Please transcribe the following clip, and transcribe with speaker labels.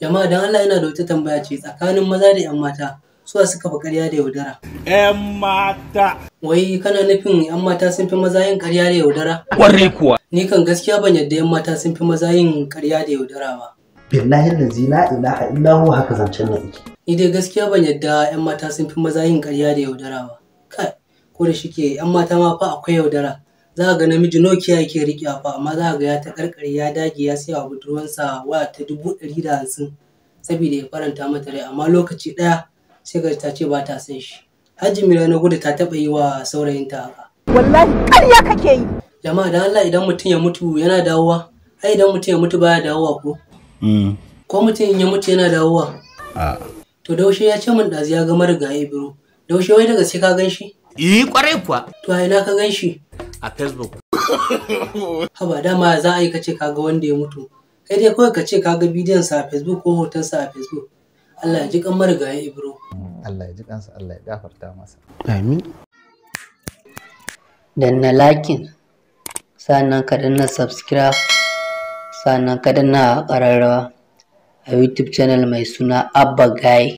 Speaker 1: jama'a dan Allah yana da wata tambaya ce tsakanin maza da 'yan mata suwa suka fi ƙarya da yaudara. 'Yan mata. Wai kana nufin 'yan mata sun fi maza yin ƙarya da yaudara? Ƙwarai kuwa. Ni kan gaskiya ban yadda 'yan mata sun fi maza yin ƙarya da yaudara ba. Billahi zina ina a illa hu haka zancen nan yake. Ni dai gaskiya ban yadda 'yan mata sun fi maza yin ƙarya da yaudara ba. Kai, ko da shike 'yan mata ma fa akwai yaudara. za ga namiji Nokia yake riƙe fa amma za ga ya ta karkare ya dage ya saya wa budurwansa waya ta dubu ɗari da hamsin saboda ya faranta mata rai amma lokaci ɗaya sai ga ta ce ba ta san shi hajji mira na gudu ta taɓa yi wa saurayinta haka wallahi ƙarya kake yi jama'a da Allah idan mutum ya mutu yana dawowa ai idan mutum ya mutu baya dawowa ko hmm. ko mutum ya mutu yana dawowa to daushe ya ce min ɗazu ya ga marigayi biro daushe wai daga sai ka gan shi eh kwarai kuwa to ina ka gan shi a facebook haba dama za a yi kace kaga wanda ya mutu kai dai kawai kace kaga bidiyon sa a facebook ko hoton sa a facebook Allah ya ji kan marigayi ibro Allah ya ji kansa Allah ya gafarta masa amin na lakin sannan ka danna subscribe sannan ka danna kararrawa a youtube channel mai suna abba guy